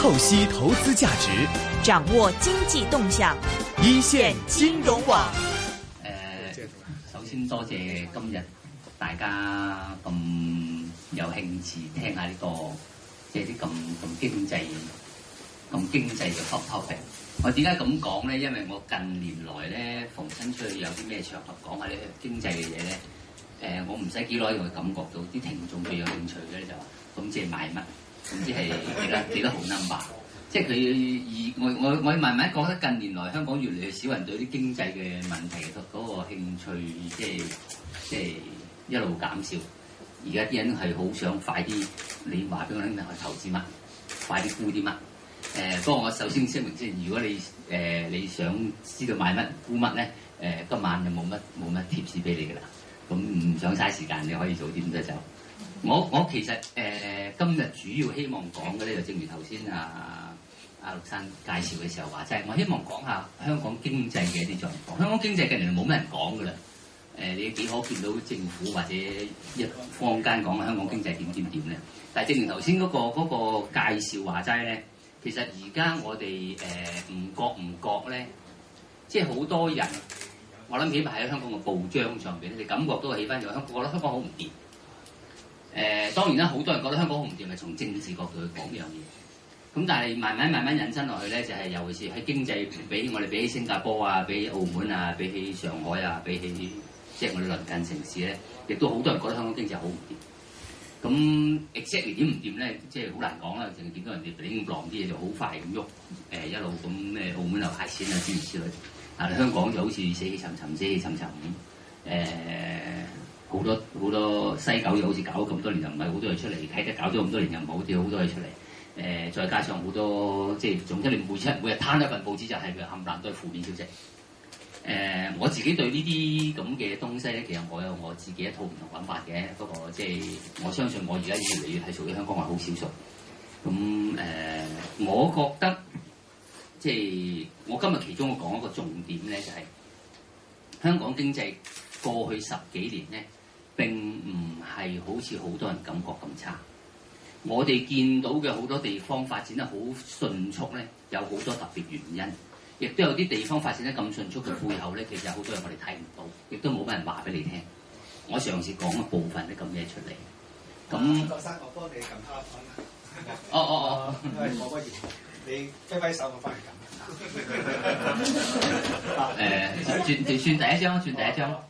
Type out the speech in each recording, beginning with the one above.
透析投資價值，掌握經濟動向，一線金融網。誒，首先多謝今日大家咁有興趣聽下呢個即係啲咁咁經濟咁經濟嘅 topic。我點解咁講咧？因為我近年來咧逢親出去有啲咩場合講下啲經濟嘅嘢咧，誒，我唔使幾耐就會感覺到啲聽眾最有興趣咧就話，咁即係賣乜？總之係記得記得好 number，即係佢而我我我慢慢覺得近年來香港越嚟越少人對啲經濟嘅問題嗰、就是、個興趣，即係即係一路減少。而家啲人係好想快啲，你話俾我聽，你去投資乜，快啲沽啲乜。誒、呃，不過我首先聲明即先，如果你誒、呃、你想知道買乜沽乜咧，誒、呃、今晚就冇乜冇乜貼士俾你㗎啦。咁唔想嘥時間，你可以早啲咁就走。我我其實誒、呃、今日主要希望講嘅咧，就正如頭、啊啊、先阿阿陸生介紹嘅時候話齋，即係我希望講下香港經濟嘅一啲狀況。香港經濟近年冇咩人講噶啦，誒、呃、你幾可見到政府或者一坊間講啊香港經濟點點點咧？但係正如頭先嗰個嗰個介紹話齋咧，其實而家我哋誒唔覺唔覺咧，即係好多人，我諗起碼喺香港嘅報章上邊，你感覺都起翻咗，我覺得香港好唔掂。誒、呃、當然啦，好多人覺得香港好唔掂，咪從政治角度去講樣嘢。咁但係慢慢慢慢引申落去咧，就係、是、尤其是喺經濟，比我哋比起新加坡啊，比起澳門啊，比起上海啊，比起即係、就是、我哋鄰近城市咧，亦都好多人覺得香港經濟好唔掂。咁 exactly 點唔掂咧，即係好難講啦。淨係見到人哋亂闖啲嘢就好快咁喐，誒、呃、一路咁咩澳門又派錢啊諸如此類，但係香港就好似死氣沉沉，死氣沉沉誒。呃好多好多西九又好似搞咗咁多年就多，又唔係好多嘢出嚟，睇得搞咗咁多年多，又好啲好多嘢出嚟。呃、再加上好多即係總之，你每日每日攤一份報紙就係冚唪唥都係負面消息。呃、我自己對呢啲咁嘅東西咧，其實我有我自己一套唔同諗法嘅。不過即係我相信我而家越嚟越睇重嘅香港話好少數。咁、呃、我覺得即係我今日其中我講一個重點咧，就係、是、香港經濟過去十幾年咧。並唔係好似好多人感覺咁差。我哋見到嘅好多地方發展得好迅速咧，有好多特別原因。亦都有啲地方發展得咁迅速，佢背後咧，其實好多人我哋睇唔到，亦都冇乜人話俾你聽、嗯。我嘗試講一部分啲咁嘢出嚟。咁、嗯，生、嗯嗯啊哎，我幫你撳下哦哦哦，我不如，你揮揮手我翻嚟撳。誒、啊哎嗯啊呃，算算算，第一張，算第一張。嗯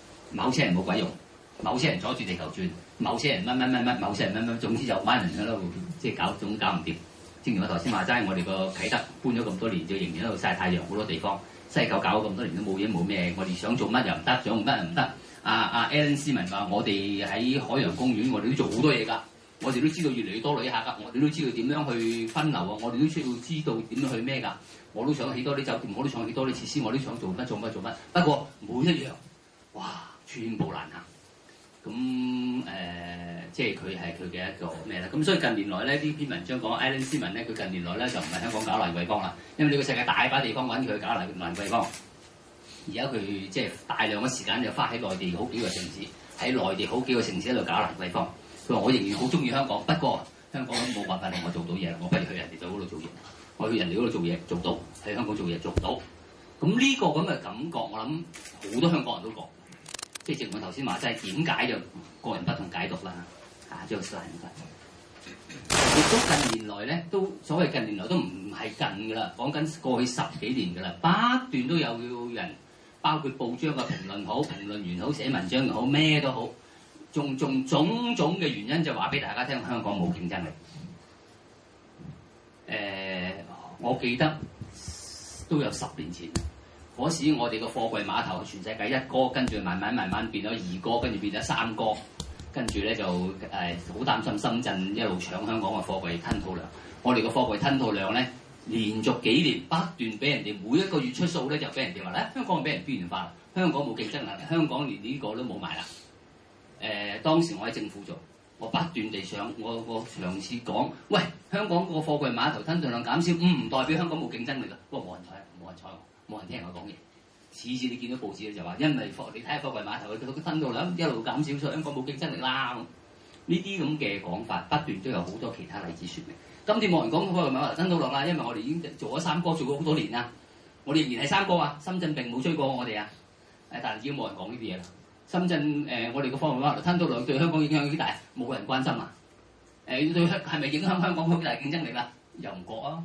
某些人冇鬼用，某些人阻住地球轉，某些人乜乜乜乜，某些人乜乜，總之就班人喺度即係搞總搞唔掂。正如我頭先話齋，我哋個啟德搬咗咁多年，就仍然喺度曬太陽，好多地方西九搞咗咁多年都冇嘢冇咩。我哋想做乜又唔得，想唔得又唔得。阿、啊、阿、啊、Allan Zeman 話、啊：我哋喺海洋公園，我哋都做好多嘢㗎。我哋都知道越嚟越多旅客下㗎，我哋都知道點樣去分流啊。我哋都知道點樣去咩㗎。我都想起多啲酒店，我都想起多啲設施，我都想做乜做乜做乜。不過每一樣，哇！全部難行咁，誒、呃，即係佢係佢嘅一個咩啦？咁所以近年來咧，呢篇文章講 Allen 斯文咧，佢近年來咧就唔係香港搞蘭桂坊啦，因為呢個世界大把地方搵佢去搞蘭蘭桂坊。而家佢即係大量嘅時間就花喺內地好幾個城市，喺內地好幾個城市喺度搞蘭桂坊。佢話：我仍然好中意香港，不過香港都冇辦法令我做到嘢啦，我不如去人哋度做嘢。我去人哋嗰度做嘢做到喺香港做嘢做唔到，咁呢個咁嘅感覺，我諗好多香港人都覺。即係我頭先話，即係點解就個人不同解讀啦嚇，最後四分鐘。亦都近年來咧，都所謂近年來都唔係近噶啦，講緊過去十幾年噶啦，不斷都有人，包括報章嘅評論好、評論員好、寫文章又好，咩都好，仲仲種種嘅原因就話俾大家聽，香港冇競爭力。誒、呃，我記得都有十年前。嗰時我哋個貨櫃碼頭，全世界一哥，跟住慢慢慢慢變咗二哥，跟住變咗三哥，跟住咧就誒好擔心深圳一路搶香港嘅貨，貨櫃吞吐量。我哋個貨櫃吞吐量咧連續幾年不斷俾人哋每一個月出數咧，就俾人哋話咧，香港俾人邊緣化，香港冇競爭力，香港連呢個都冇埋啦。誒、呃、當時我喺政府做，我不斷地想我我嘗試講，喂，香港個貨櫃碼頭吞吐量減少，唔、嗯、代表香港冇競爭力㗎，不過冇人睬冇人睬冇人聽人講嘢，次次你見到報紙咧就話，因為貨你睇下貨櫃碼頭嘅吞吐量一路減少咗，香港冇競爭力啦。呢啲咁嘅講法不斷都有好多其他例子說明。今次冇人講貨櫃碼頭吞吐量啦，因為我哋已經做咗三哥，做咗好多年啦。我哋仍然係三哥啊，深圳並冇追過我哋啊。誒，但係只要冇人講呢啲嘢啦。深圳誒、呃，我哋嘅貨櫃碼頭吞吐量對香港影響有幾大？冇人關心啊。誒、呃，對係咪影響香港好大競爭力啦？又唔覺啊。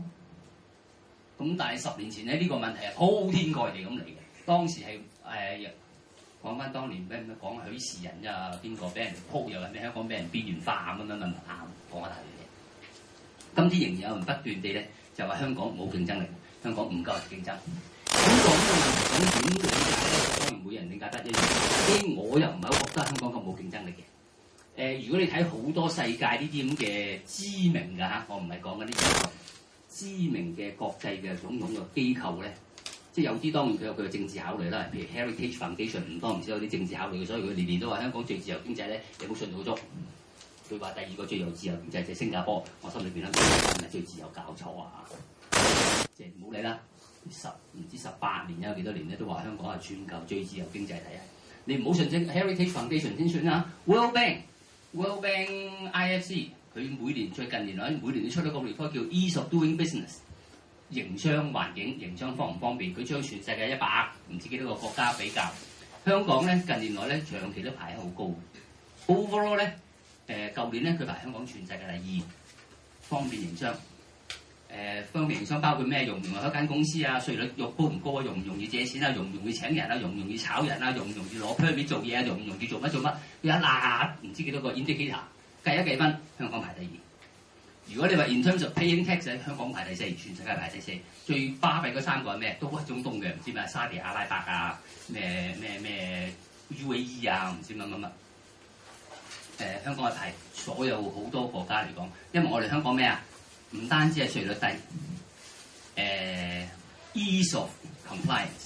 咁但係十年前咧，呢、這個問題係鋪天蓋地咁嚟嘅。當時係誒、呃、講翻當年咩講許仕仁呀、啊，邊個俾人鋪又係咩？香港俾人邊緣化咁樣問下講下大嘅嘢。今天仍然有人不斷地咧，就話香港冇競爭力，香港唔夠人競爭。點講咧？咁點理解咧？當然每人理解得一樣。為我又唔係覺得香港佢冇競爭力嘅、呃。如果你睇好多世界呢啲咁嘅知名㗎，我唔係講緊呢啲。知名嘅國際嘅種種嘅機構咧，即係有啲當然佢有佢嘅政治考慮啦，譬如 Heritage Foundation 唔多唔少有啲政治考慮嘅，所以佢年年都話香港最自由經濟咧，你冇信到足。佢話第二個最有自由經濟就係新加坡，我心裏邊咧，最自由搞錯啊！即係唔好理啦，十唔知十八年有幾多年咧都話香港係全球最自由經濟體啊！你唔好信正 Heritage Foundation 先算啊 World Bank、World Bank、IFC。佢每年最近年來每年都出咗個報告叫 Ease of Doing Business 營商環境營商方唔方便？佢將全世界一百唔知幾多個國家比較，香港咧近年來咧長期都排喺好高。Overall 咧，誒、呃、舊年咧佢排香港全世界第二方便營商。誒、呃、方便營商包括咩容唔容許開間公司啊？稅率又高唔高啊？容唔容易借錢啊？容唔容易請人啊？容唔容易炒人啊？容唔容易攞 permit 做嘢啊？容唔容易做乜做乜？佢一列唔知幾多個，Indicator。計一計分，香港排第二。如果你話 in terms of paying tax 喺香港排第四，全世界排第四，最巴閉嗰三個係咩？都係中東嘅，唔知乜嘢沙地阿拉伯啊，咩咩咩 UAE 啊，唔知乜乜乜。誒、呃，香港嘅題，所有好多國家嚟講，因為我哋香港咩啊？唔單止係稅率低，誒 ease of compliance。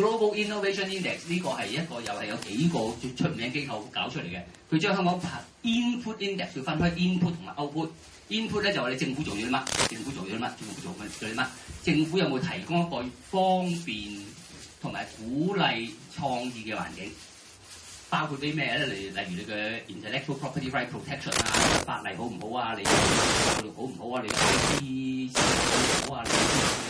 Global Innovation Index 呢個係一個又係有幾個最出名機構搞出嚟嘅，佢將香港排 Input Index，要分開 Input 同埋 Output。Input 咧就係你政府做咗啲乜，政府做咗啲乜，政府做乜做啲乜，政府有冇提供一個方便同埋鼓勵創意嘅環境？包括啲咩咧？例例如你嘅 Intellectual Property Right Protection 啊，法例好唔好啊？你教育好唔好啊？你設施好唔好啊？你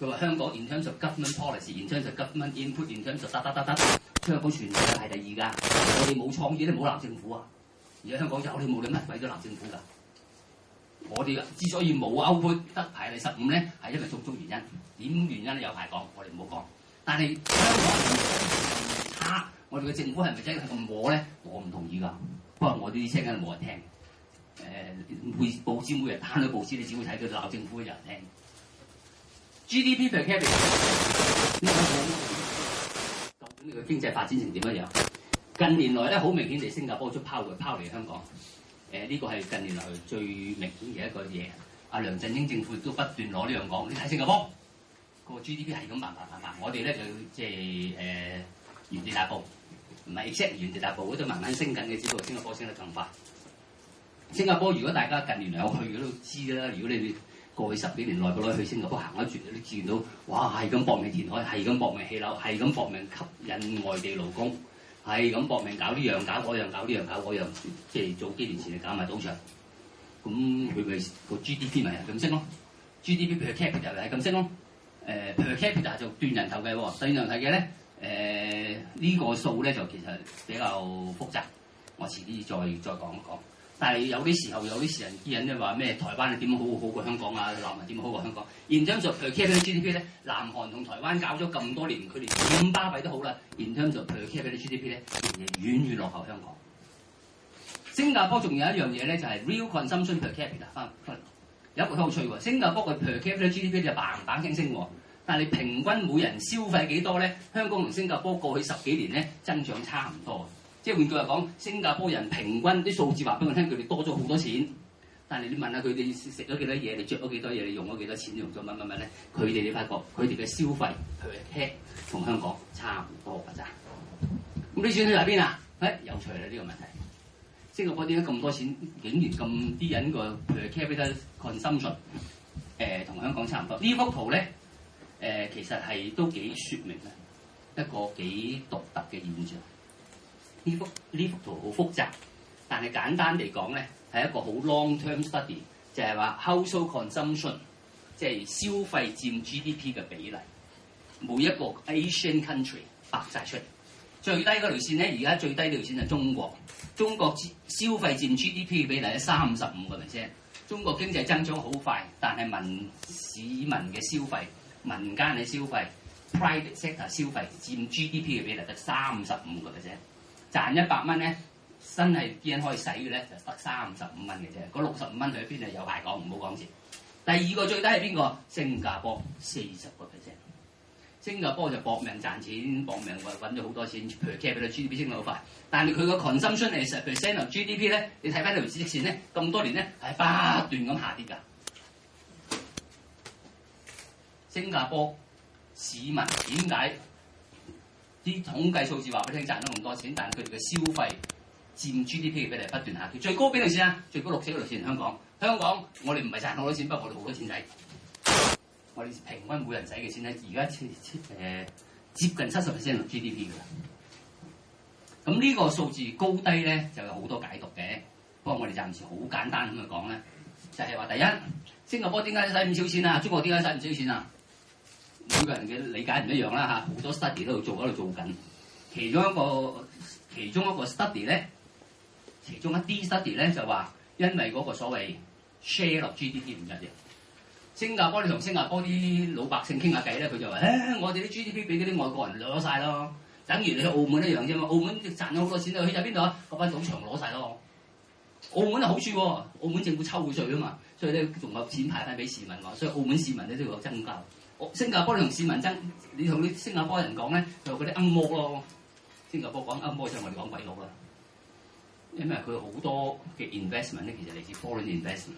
佢話香港現將就 government policy，現將就 government input，現將就得得得得。香港全世係第二噶，我哋冇創意都冇鬧政府啊！而家香港有，你冇理乜鬼都鬧政府㗎。我哋之所以冇歐盃得排第十五咧，係因為種種原因。點原因咧？有排講，我哋唔好講。但係香港差，我哋嘅政府係咪真係咁惡咧？我唔同意㗎。不過我哋啲聲音係冇人聽。每報紙每日打到報紙，你只會睇到鬧政府嘅人聽。GDP per capita 呢個講究竟佢經濟發展成點樣？近年來咧，好明顯地，新加坡出拋嘅拋離香港。誒，呢個係近年來最明顯嘅一個嘢。阿梁振英政府都不斷攞呢樣講。你睇新加坡個 GDP 係咁慢慢慢慢，我哋咧就即係誒原地踏步，唔係即 x 原地踏步，我都慢慢升緊嘅。只不過新加坡升得更快。新加坡如果大家近年嚟有去，都知啦。如果你哋過去十幾年內，佢攞去新加坡行一轉，你注意到，嘩，係咁搏命填海，係咁搏命起樓，係咁搏命吸引外地勞工，係咁搏命搞呢樣搞嗰樣，搞呢樣搞嗰樣，即係早幾年前你搞埋賭場，咁佢咪個 GDP 咪係咁升囉？GDP per capita 咪係咁升咯？誒，per capita 就斷人頭計喎。所以問題嘅呢，誒呢個數呢，就其實比較複雜，我遲啲再再講一講。但係有啲時候有啲世人啲人咧，話咩台灣點樣好好過香港啊？南韓點好過香港？現將在 per capita GDP 咧，南韓同台灣搞咗咁多年，佢連咁巴閉都好啦。現將在 per capita GDP 咧，仍然遠遠落後香港。新加坡仲有一樣嘢咧，就係 real consumption per capita 翻有一個好趣喎，新加坡嘅 per capita GDP 就棒棒聲升喎。但係你平均每人消費幾多咧？香港同新加坡過去十幾年咧，增長差唔多。即係換句話講，新加坡人平均啲數字話俾我聽，佢哋多咗好多錢。但係你問下佢哋食咗幾多嘢，你着咗幾多嘢，你用咗幾多錢，用咗乜乜乜咧？佢哋你發覺佢哋嘅消費佢係同香港差唔多㗎咋。咁你錢去埋邊啊？誒、哎、有趣啦呢、呢個問題。新加坡點解咁多錢，竟然咁啲人個 capital consumption 誒同香港差唔多。呢幅圖咧，誒、呃、其實係都幾説明咧一個幾獨特嘅現象。呢幅呢幅圖好複雜，但係簡單嚟講咧，係一個好 long-term study，就係話 household consumption，即係消費佔 GDP 嘅比例，每一個 Asian country 畫晒出嚟。最低嗰條線咧，而家最低條線就中國。中國消費佔 GDP 嘅比例得三十五個 percent。中國經濟增長好快，但係民市民嘅消費、民間嘅消費、private sector 消費佔 GDP 嘅比例得三十五個 percent。賺一百蚊咧，真係啲人可以使嘅咧，就得三十五蚊嘅啫。嗰六十五蚊去邊啊？有排講，唔好講住。第二個最低係邊個？新加坡四十個 percent。新加坡就搏命賺錢，搏命揾咗好多錢，譬如 GDP 升得好快。但係佢個 consumption percent 嘅 GDP 咧，你睇翻條指線咧，咁多年咧係不斷咁下跌㗎。新加坡市民點解？啲統計數字話俾你聽，賺咗咁多錢，但佢哋嘅消費佔 GDP 嘅比例不斷下跌，最高邊度先啊？最高六千六 percent 香港。香港我哋唔係賺好多錢，不過我哋好多錢使。我哋平均每人使嘅錢咧，而家接接近七十 percent GDP 㗎啦。咁呢個數字高低咧就有好多解讀嘅。不過我哋暫時好簡單咁去講咧，就係話第一，新加坡點解使唔少錢啊？中國點解使唔少錢啊？每個人嘅理解唔一樣啦嚇，好多 study 都喺度做，喺度做緊。其中一個，其中一個 study 咧，其中一啲 study 咧就話，因為嗰個所謂 share of GDP 唔一樣。新加坡你同新加坡啲老百姓傾下偈咧，佢就話、哎：，我哋啲 GDP 俾嗰啲外國人攞晒咯，等於你去澳門一樣啫嘛。澳門賺咗好多錢啊，去咗邊度啊？嗰班賭場攞晒咯。澳門有好處喎，澳門政府抽稅啊嘛，所以咧仲有錢派翻俾市民喎，所以澳門市民咧都會有增加。新加坡同市民爭，你同啲新加坡人講咧，就嗰啲鵪鶉咯。新加坡講鵪鶉，即係、就是、我哋講鬼佬啦。因為佢好多嘅 investment 咧，其實嚟自 foreign investment。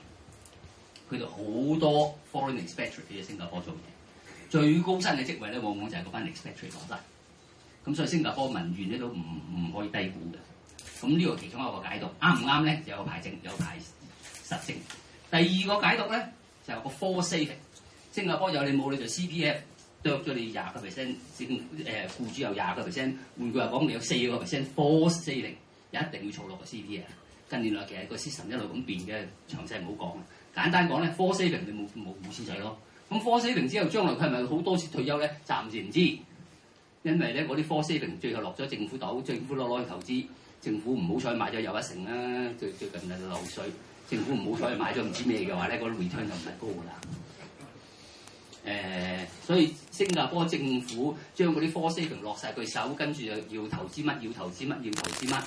佢哋好多 foreign executive 喺新加坡做嘢，最高薪嘅職位咧，往往就係嗰班 executive 攞曬。咁所以新加坡民怨咧都唔唔可以低估嘅。咁呢個其中一個解讀啱唔啱咧？有個排證有排實證。第二個解讀咧就是、個 foreseein 新加坡有你冇你就 C P F 剁咗你廿個 percent，政誒雇主有廿個 percent，換句話講，你有四個 percent force saving，一定要坐落個 C P F。近年來其實個 system 一路咁變嘅，詳細唔好講，簡單講咧，force saving 你冇冇冇錢使咯。咁 force saving 之後，將來佢係咪好多次退休咧？暫時唔知，因為咧嗰啲 force saving 最後落咗政府度，政府攞攞去投資，政府唔好彩買咗油一成啦，最最近係漏水，政府唔好彩係買咗唔知咩嘅話咧，嗰啲 return 就唔係高噶啦。誒、呃，所以新加坡政府將嗰啲 four season 落晒佢手，跟住又要投資乜，要投資乜，要投資乜。誒、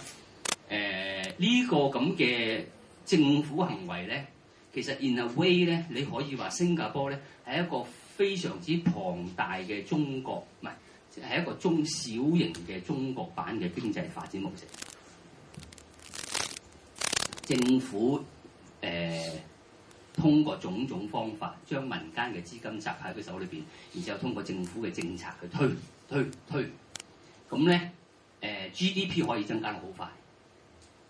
呃，呢、這個咁嘅政府行為咧，其實 in a way 咧，你可以話新加坡咧係一個非常之龐大嘅中國，唔係，係一個中小型嘅中國版嘅經濟發展模式。政府誒。呃通過種種方法將民間嘅資金集喺佢手裏邊，然之後通過政府嘅政策去推推推，咁咧誒 GDP 可以增加到好快，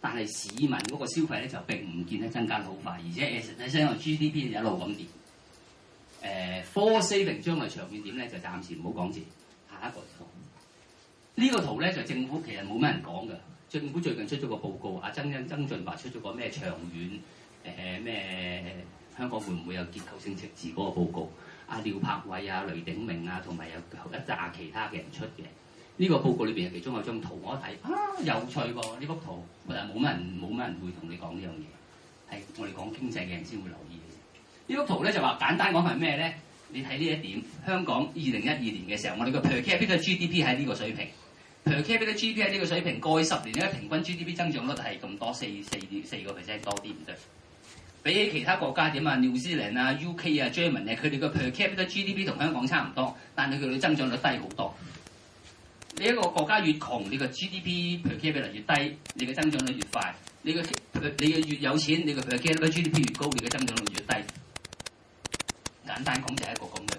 但係市民嗰個消費咧就並唔見得增加到好快，而且實際上 GDP 一路咁跌。誒、呃、four saving 將來長遠點咧就暫時唔好講住，下一個圖呢、這個圖咧就是、政府其實冇咩人講㗎，政府最近出咗個報告，阿曾曾俊華出咗個咩長遠誒咩？呃咩香港會唔會有結構性赤字嗰個報告？阿、啊、廖柏偉啊、雷鼎鳴啊，同埋有，有一紮其他嘅人出嘅呢、呢個報告裏邊，其中有一張圖我一睇啊，有趣喎！呢幅圖，但係冇乜人冇乜人會同你講呢樣嘢，係我哋講經濟嘅人先會留意嘅。這呢幅圖咧就話簡單講係咩咧？你睇呢一點，香港二零一二年嘅時候，我哋個 per capita G D P 喺呢個水平，per capita G D P 喺呢個水平過去十年咧平均 G D P 增長率係咁多四四四個 percent 多啲，唔對？比起其他國家點啊，New Zealand 啊、U.K. 啊、Germany 啊，佢哋個 per capita G.D.P 同香港差唔多，但係佢哋嘅增長率低好多。你一個國家越窮，你個 G.D.P per capita 越低，你嘅增長率越快。你嘅你嘅越有錢，你嘅 per capita G.D.P 越高，你嘅增長率越低。簡單講就係一個咁嘅。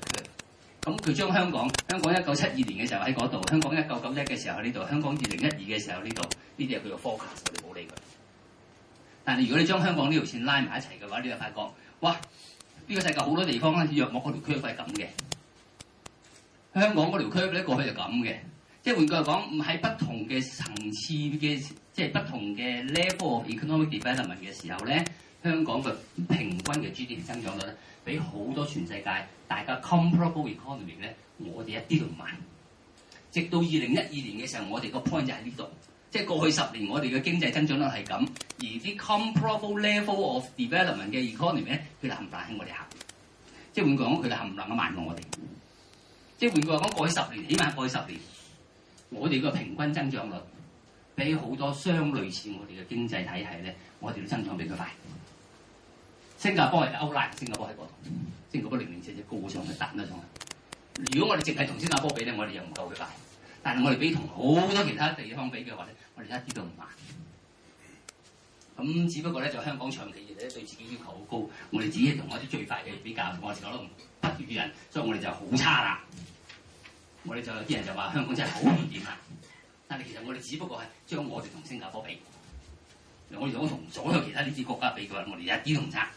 咁佢將香港香港一九七二年嘅時候喺嗰度，香港一九九一嘅時候喺呢度，香港二零一二嘅時候呢度，呢啲係佢嘅 forecast。但如果你將香港呢條線拉埋一齊嘅話，你就發覺，哇！呢個世界好多地方咧，若望嗰條區塊係咁嘅，香港嗰條區塊咧過去就咁嘅。即係換句話講，喺不同嘅層次嘅，即係不同嘅 level of economic development 嘅時候咧，香港嘅平均嘅 GDP 增長率咧，比好多全世界大家 comparable economy 咧，我哋一啲都唔慢。直到二零一二年嘅時候，我哋個 point 就喺呢度。即係過去十年，我哋嘅經濟增長率係咁，而啲 comparable level of development 嘅 economy 咧，佢就冚唪唥喺我哋下面，即係換句講，佢就冚唪唥啊埋我哋。即係換句話講，過去十年，起碼過去十年，我哋個平均增長率比好多相類似我哋嘅經濟體系咧，我哋都增長比較快。新加坡係 outlier，新加坡喺嗰度，新加坡零零舍舍高上嘅大量。如果我哋淨係同新加坡比咧，我哋又唔夠佢快。但係我哋比同好多其他地方比嘅話咧，我哋一啲都唔慢，咁只不過咧，就香港長期嚟咧，對自己要求好高。我哋自己同我啲最快嘅比較，我哋覺得都不如人，所以我哋就好差啦。我哋就有啲人就話香港真係好唔掂啊！但係其實我哋只不過係將我哋同新加坡比，我哋如果同所有其他呢啲國家比嘅話，我哋一啲都唔差。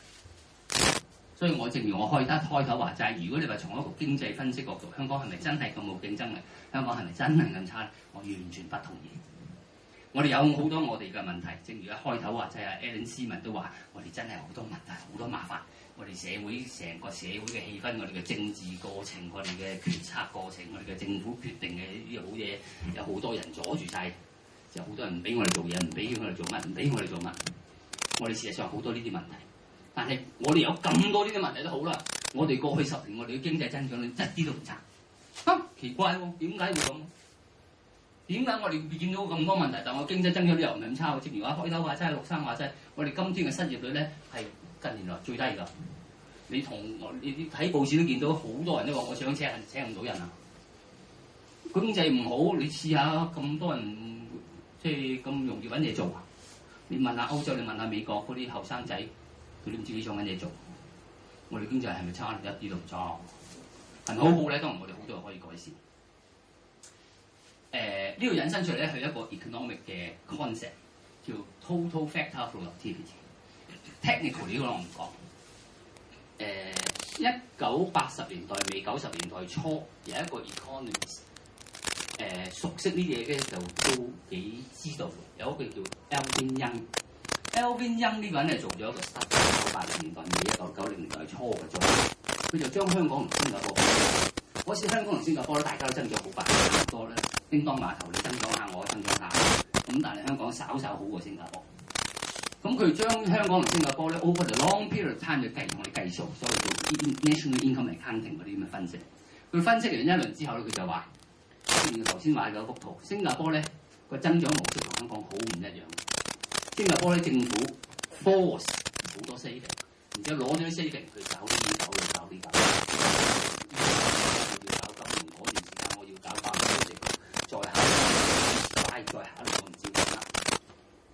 所以我正如我一開頭話齋，如果你話從一個經濟分析角度，香港係咪真係咁冇競爭力？香港係咪真係咁差？我完全不同意。我哋有好多我哋嘅問題，正如一開頭話，就係 Allen 斯文都話，我哋真係好多問題，好多麻煩。我哋社會成個社會嘅氣氛，我哋嘅政治過程，我哋嘅決策過程，我哋嘅政府決定嘅呢啲好嘢，有好多人阻住晒，有好多人唔俾我哋做嘢，唔俾我哋做乜，唔俾我哋做乜。我哋事實上好多呢啲問題，但係我哋有咁多呢啲問題都好啦。我哋過去十年，我哋嘅經濟增長一啲都唔差。嚇，奇怪喎、哦，點解會咁？點解我哋見到咁多問題？但我經濟增長都又唔係咁差喎。譬如話開頭話齋六三話齋，我哋今天嘅失業率咧係近年來最低㗎。你同我，你睇報紙都見到，好多人都話我想請請唔到人啊。經濟唔好，你試下咁多人即係咁容易揾嘢做啊？你問下歐洲，你問下美國嗰啲後生仔，佢都唔知幾想揾嘢做。我哋經濟係咪差？一啲都唔差。係好好咧，當然我哋好多嘢可以改善。誒，呢度引申出嚟咧，係一個 economic 嘅 concept 叫 total factor productivity、mm -hmm. mm -hmm.technical 呢個我唔講，誒一九八十年代尾九十年代初有一個 economist 誒、呃、熟悉呢嘢嘅就都幾知道。有一個叫 Alvin Young, Alvin Young 呢個人咧做咗一個實驗，八十年代一九九零年代初嘅。佢就將香港同新加坡，嗰時香港同新加坡咧大家都爭咗好朋多咧。叮當碼頭，你增長下，我增長下。咁但係香港稍稍好過新加坡。咁佢將香港同新加坡咧 over the long period time 嘅計同你計數，所謂叫 national income accounting 嗰啲咁嘅分析。佢分析完一輪之後咧，佢就話：見頭先話嘅幅圖，新加坡咧個增長模式同香港好唔一樣。新加坡咧政府 force 好多 saving，而家攞咗啲 saving，佢走嚟走嚟走嚟。再考慮一下，我唔知啦。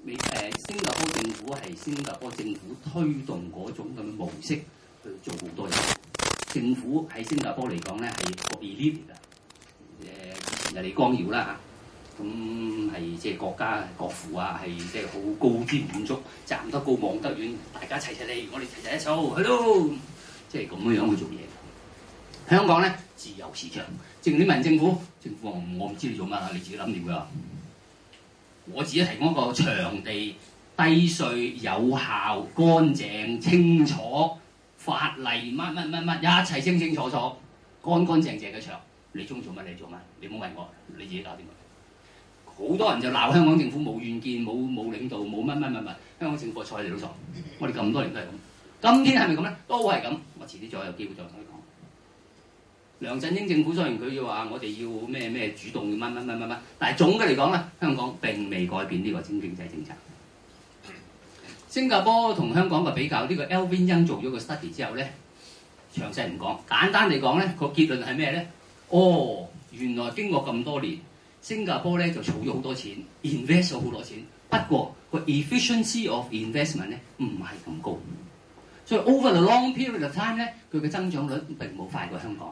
未誒，新加坡政府係新加坡政府推動嗰種咁嘅模式去做好多嘢。政府喺新加坡嚟講咧，係國立噶，誒，李光耀啦嚇，咁係即係國家國父啊，係即係好高瞻遠矚，站得高望得遠，大家齊齊嚟，我哋齊齊一組，係咯，即係咁樣樣去做嘢、嗯。香港咧自由市場，政你問政府，政府我唔知你做乜啊，你自己諗掂㗎。我自己提供一個場地，低稅、有效、乾淨、清楚、法例乜乜乜乜，一切清清楚楚、乾乾淨淨嘅場，你中意做乜你做乜，你唔好問我，你自己搞掂。好多人就鬧香港政府冇遠見，冇冇領導，冇乜乜乜乜，香港政府菜你都錯，我哋咁多年都係咁，今天係咪咁咧？都係咁，我遲啲再有機會再同你講。梁振英政府雖然佢要話我哋要咩咩主動乜乜乜乜乜，但係總嘅嚟講咧，香港並未改變呢個新經濟政策。新加坡同香港嘅比較，呢、這個 Alwyn Young 做咗個 study 之後咧，詳細唔講，簡單嚟講咧個結論係咩咧？哦，原來經過咁多年，新加坡咧就儲咗好多錢，invest 咗好多錢，不過個 efficiency of investment 咧唔係咁高，所以 over the long period of time 咧，佢嘅增長率並冇快過香港。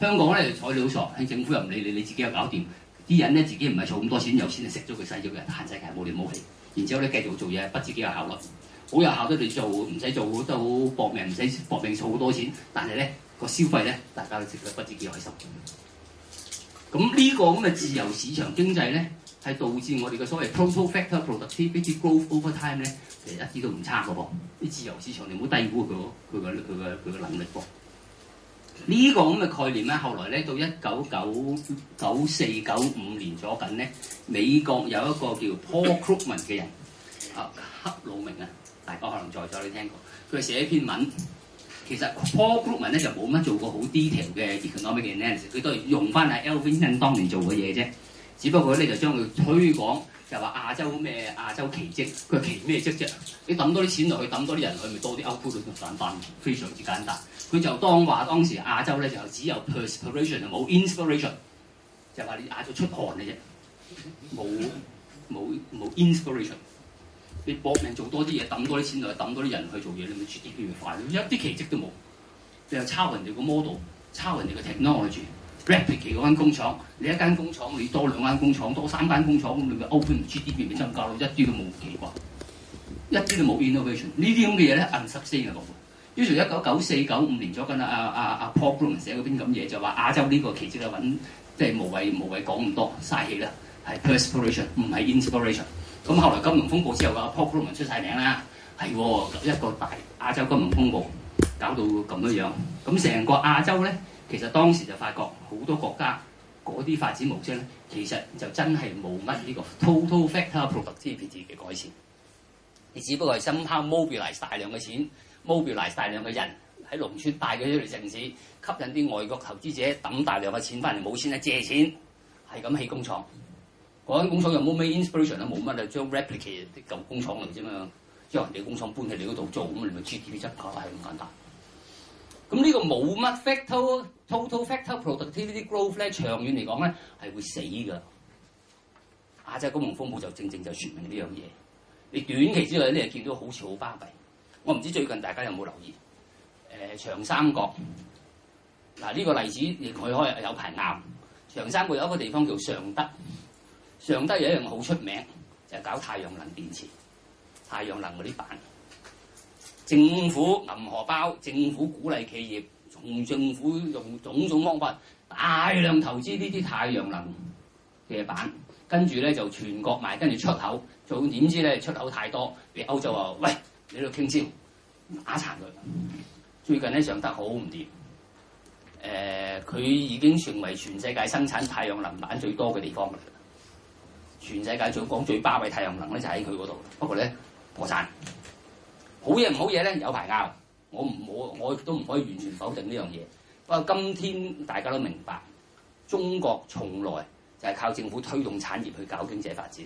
香港咧就睬你老傻，喺政府又唔理你，你自己又搞掂。啲人咧自己唔係儲咁多錢，有錢就食咗佢使咗佢，行世界冇了冇期。然之後咧繼續做嘢，不知幾有效率。好有效得你做，唔使做得好搏命，唔使搏命儲好多錢。但係咧個消費咧，大家都食得不知幾開心。咁呢個咁嘅自由市場經濟咧，係導致我哋嘅所謂 total factor productivity growth over time 咧，其實一啲都唔差嘅噃。啲自由市場你唔好低估佢，佢佢佢個能力噃。呢、這個咁嘅概念咧，後來咧到一九九九四九五年左近咧，美國有一個叫 Paul Krugman 嘅人，啊，克魯明啊，大家可能在座你聽過，佢係寫一篇文，其實 Paul Krugman 咧就冇乜做過好 detail 嘅 economic 研究俾人聽，佢都係用翻喺 Alwyn 當年做嘅嘢啫，只不過咧就將佢推廣，就話亞洲咩亞洲奇蹟，佢係奇咩蹟啫？你抌多啲錢落去，抌多啲人去，咪多啲 output 同反彈，非常之簡單。佢就當話當時亞洲咧就只有 perspiration 冇 inspiration，就話你亞洲出汗嘅啫，冇冇冇 inspiration，你搏命做多啲嘢，抌多啲錢落去，抌多啲人去做嘢，你咪 GDP 咪快咯，一啲奇蹟都冇，你又抄人哋個 model，抄人哋個 technology，replicate 嗰間工廠，你一間工廠你多兩間工廠，多三間工廠咁你咪 open GDP 咪增加咯，一啲都冇奇怪，一啲都冇 innovation，呢啲咁嘅嘢咧 unsustainable。於是 1994,，一九九四九五年左近啦，阿阿阿 Paul Krugman 寫嗰篇咁嘢，就話亞洲呢個奇蹟係揾，即係無謂無謂講咁多，嘥氣啦，係 perspiration 唔係 inspiration。咁後來金融風暴之後，阿、啊、Paul Krugman 出晒名啦，係一個大亞洲金融風暴搞到咁樣樣。咁成個亞洲咧，其實當時就發覺好多國家嗰啲發展模式咧，其實就真係冇乜呢個 total factor productivity 嘅改善。你只不過係 somehow mobilize 大量嘅錢。Mobilize 大量嘅人喺農村帶佢出嚟城市，吸引啲外國投資者抌大量嘅錢翻嚟，冇錢咧借錢，係咁起工廠。嗰啲工廠又冇咩 inspiration 啦，冇乜啊，將 replicate 啲舊工廠嚟啫嘛，將人哋工廠搬喺你嗰度做，咁你咪 GDP 一爆係咁簡單。咁呢個冇乜 factor total factor productivity growth 咧，長遠嚟講咧係會死㗎。亞洲金融風暴就正正就說明呢樣嘢。你短期之內咧見到好似好巴閉。我唔知最近大家有冇留意？誒、呃、長三角嗱呢、啊這個例子，佢開有排拗。長三角有一個地方叫常德，常德有一樣好出名，就係、搞太陽能電池、太陽能嗰啲板。政府銀荷包，政府鼓勵企業，從政府用種種方法大量投資呢啲太陽能嘅板，跟住咧就全國賣，跟住出口。就點知咧出口太多，俾歐洲話喂。你度傾銷，打殘佢。最近咧上得好唔掂。誒、呃，佢已經成為全世界生產太陽能板最多嘅地方啦。全世界最講最巴閉太陽能咧，就喺佢嗰度。不過咧，破產。好嘢唔好嘢咧，有排拗。我唔我，我都唔可以完全否定呢樣嘢。不過今天大家都明白，中國從來就係靠政府推動產業去搞經濟發展。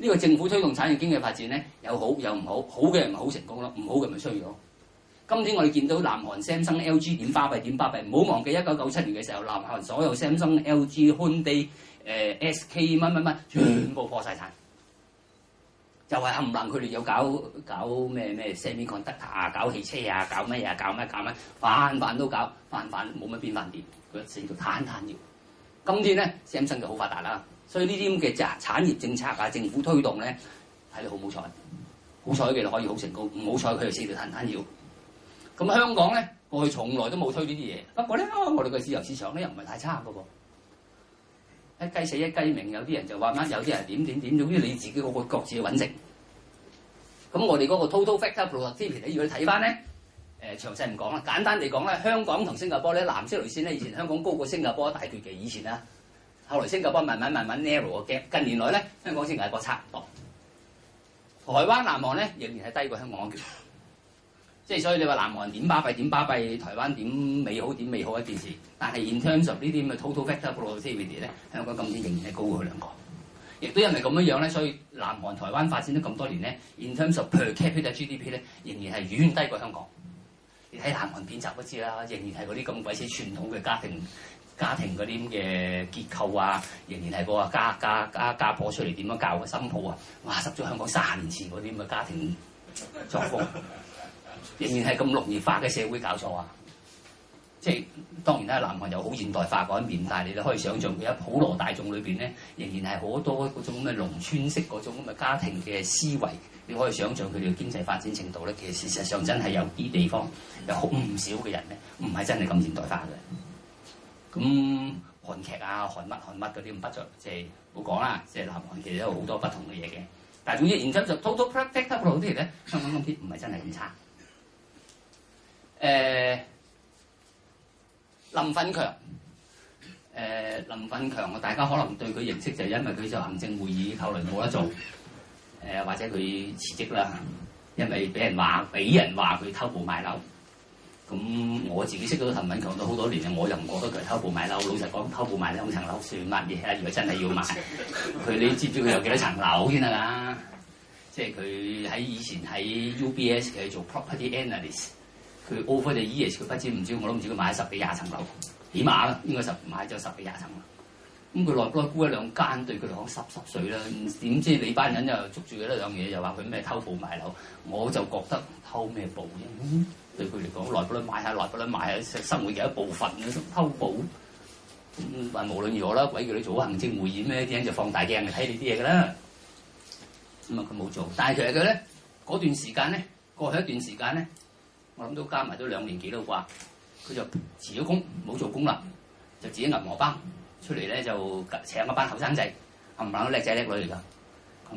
呢、呢個政府推動產業經濟發展咧，有好有唔好，好嘅唔係好成功咯，唔好嘅咪衰咗。今天我哋見到南韓 Samsung LG、LG 點巴閉點巴閉，唔好忘記一九九七年嘅時候，南韓所有 Samsung LG, Hyundai、呃、LG、Hyundai 誒 SK 乜乜乜全部破曬產，嗯、就係冚唪唥佢哋有搞搞咩咩 Semiconductor 啊，搞汽車啊，搞咩啊，搞咩搞咩，反反都搞，反反冇乜變化點，佢成條攤攤住。今天咧 Samsung 就好發達啦。所以呢啲咁嘅產業政策啊，政府推動咧，睇好冇彩，好彩嘅可以好成功，唔好彩佢就四條攤攤要。咁香港咧，過去從來都冇推呢啲嘢，不過咧，我哋嘅自由市場咧又唔係太差嘅噃。一雞死一雞鳴，有啲人就話啱，有啲人點點點，總之你自己個個各自穩靜。咁我哋嗰個 total factor productivity 要你如果睇翻咧，誒詳細唔講啦，簡單嚟講咧，香港同新加坡咧藍色雷線咧，以前香港高過新加坡一大段嘅以前啊。後來新加坡慢慢慢慢 narrow 個 gap。近年來咧，香港先挨過差。哦、台灣南韓咧仍然係低過香港嘅。即係所以你話南韓點巴閉點巴閉，台灣點美好點美好一件事。但係 in terms of 呢啲咁嘅 total factor productivity 咧，香港今年仍然係高過佢兩個。亦都因為咁樣樣咧，所以南韓台灣發展咗咁多年咧 in terms of per capita GDP 咧仍然係遠遠低過香港。你睇南韓片集都知啦，仍然係嗰啲咁鬼死傳統嘅家庭。家庭嗰啲咁嘅結構啊，仍然係個家家家家婆出嚟點樣教個新抱啊？哇！十足香港三十年前嗰啲咁嘅家庭作風，仍然係咁農業化嘅社會搞錯啊！即係當然啦，南韓又好現代化嘅一面，但係你都可以想象，而家普羅大眾裏邊咧，仍然係好多嗰種咁嘅農村式嗰種咁嘅家庭嘅思維。你可以想象佢哋嘅經濟發展程度咧，其實事實上真係有啲地方有好唔少嘅人咧，唔係真係咁現代化嘅。咁韓劇啊，韓乜韓乜嗰啲咁不在，即係好講啦，即係、就是、南韓其實有好多不同嘅嘢嘅。但係總之 project，現今就 total perspective 啲嘢咧，香港公司唔係真係咁差。誒、呃，林奮強，誒、呃、林奮強，大家可能對佢認識就係因為佢就行政會議討論冇得做，呃、或者佢辭職啦，因為俾人話俾人話佢偷步買樓。咁我自己識到陳敏強都好多年啦，我又唔覺得佢偷步買樓。老實講，偷步買兩層樓算乜嘢？啊，如果真係要買，佢你知唔知佢有幾多層樓先得啦？即係佢喺以前喺 UBS 佢做 property analyst，佢 over the years 佢不知唔知，我都唔知佢買十幾廿層樓，起碼啦，應該十買咗十幾廿層樓啦。咁佢落不沽一兩間對佢嚟講濕濕碎啦？點知你班人又捉住佢呢兩嘢，又話佢咩偷步買樓？我就覺得偷咩步啫？嗯對佢嚟講，來不擸買下，來不擸賣下，生活嘅一部分偷補。唔、嗯、論無論如何啦，鬼叫你做行政會議咩？啲人就放大鏡嚟睇你啲嘢㗎啦。咁、嗯、啊，佢冇做，但係其實佢咧嗰段時間咧，過去一段時間咧，我諗都加埋都兩年幾都啩。佢就辭咗工，冇做工啦，就自己銀河班出嚟咧，就請一班後生仔，冚唪唥都叻仔叻女嚟㗎。